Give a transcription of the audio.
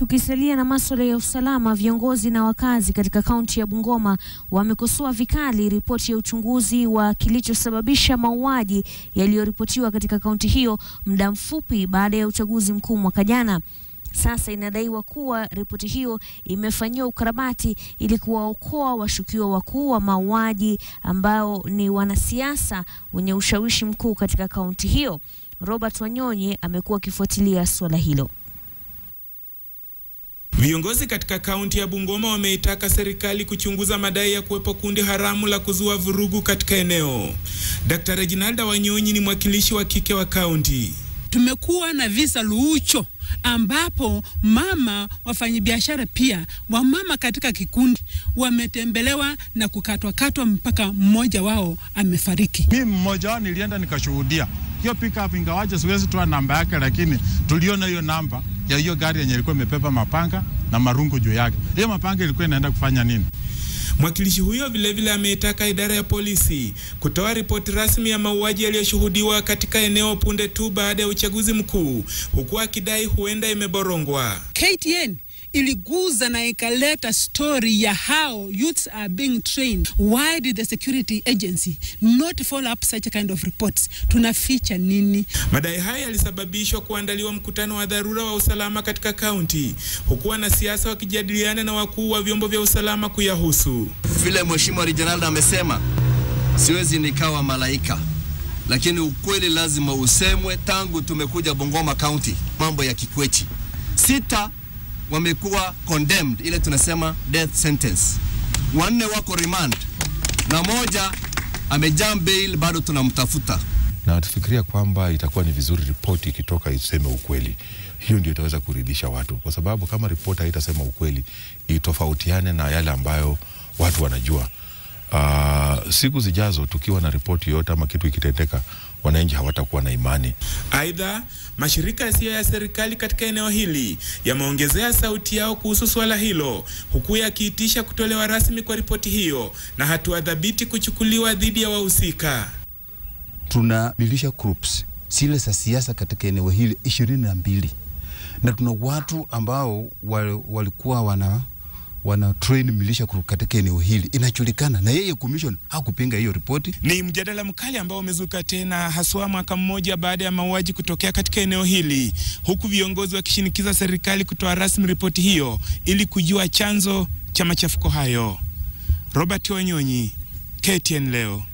Tukisalia na masuala ya usalama, viongozi na wakazi katika kaunti ya Bungoma wamekosoa vikali ripoti ya uchunguzi wa kilichosababisha mauaji yaliyoripotiwa katika kaunti hiyo muda mfupi baada ya uchaguzi mkuu mwaka jana. Sasa inadaiwa kuwa ripoti hiyo imefanyiwa ukarabati ili kuwaokoa washukiwa wakuu wa mauaji ambao ni wanasiasa wenye ushawishi mkuu katika kaunti hiyo. Robert Wanyonyi amekuwa akifuatilia suala hilo. Viongozi katika kaunti ya Bungoma wameitaka serikali kuchunguza madai ya kuwepo kundi haramu la kuzua vurugu katika eneo. Dr. Reginalda Wanyonyi ni mwakilishi wa kike wa kaunti. Tumekuwa na visa luucho ambapo mama wafanyabiashara pia wamama katika kikundi wametembelewa na kukatwakatwa mpaka mmoja wao amefariki. Mimi mmoja wao nilienda nikashuhudia hiyo pickup, ingawaje siwezi toa namba yake, lakini tuliona hiyo namba ya hiyo gari yenye ilikuwa imepepa mapanga na marungu juu yake. Hiyo mapanga ilikuwa inaenda kufanya nini? Mwakilishi huyo vilevile ameitaka idara ya polisi kutoa ripoti rasmi ya mauaji yaliyoshuhudiwa katika eneo punde tu baada ya uchaguzi mkuu, huku akidai huenda imeborongwa. KTN iliguza na ikaleta story ya how youths are being trained. Why did the security agency not follow up such kind of reports? Tunaficha nini? Madai haya yalisababishwa kuandaliwa mkutano wa dharura wa usalama katika kaunti, huku wanasiasa wakijadiliana na wakuu wa vyombo vya usalama kuyahusu. Vile mheshimiwa Reginald amesema, siwezi nikawa malaika lakini ukweli lazima usemwe. Tangu tumekuja Bungoma County, mambo ya kikwechi sita wamekuwa condemned, ile tunasema death sentence, wanne wako remand na moja amejaa bail, bado tunamtafuta na tufikiria kwamba itakuwa ni vizuri ripoti ikitoka iseme ukweli. Hiyo ndio itaweza kuridhisha watu, kwa sababu kama ripoti haitasema ukweli, itofautiane na yale ambayo watu wanajua. Uh, siku zijazo tukiwa na ripoti yoyote ama kitu ikitendeka, wananchi hawatakuwa na imani. Aidha, mashirika yasiyo ya serikali katika eneo hili yameongezea sauti yao kuhusu suala hilo, huku yakiitisha kutolewa rasmi kwa ripoti hiyo na hatua dhabiti kuchukuliwa dhidi ya wahusika. Tunamilisha groups zile za siasa katika eneo hili ishirini na mbili na tuna watu ambao walikuwa wana wana train milisha katika eneo hili inajulikana, na yeye commission hakupinga hiyo ripoti. Ni mjadala mkali ambao umezuka tena haswa mwaka mmoja baada ya mauaji kutokea katika eneo hili, huku viongozi wakishinikiza serikali kutoa rasmi ripoti hiyo ili kujua chanzo cha machafuko hayo. Robert Wanyonyi, KTN leo.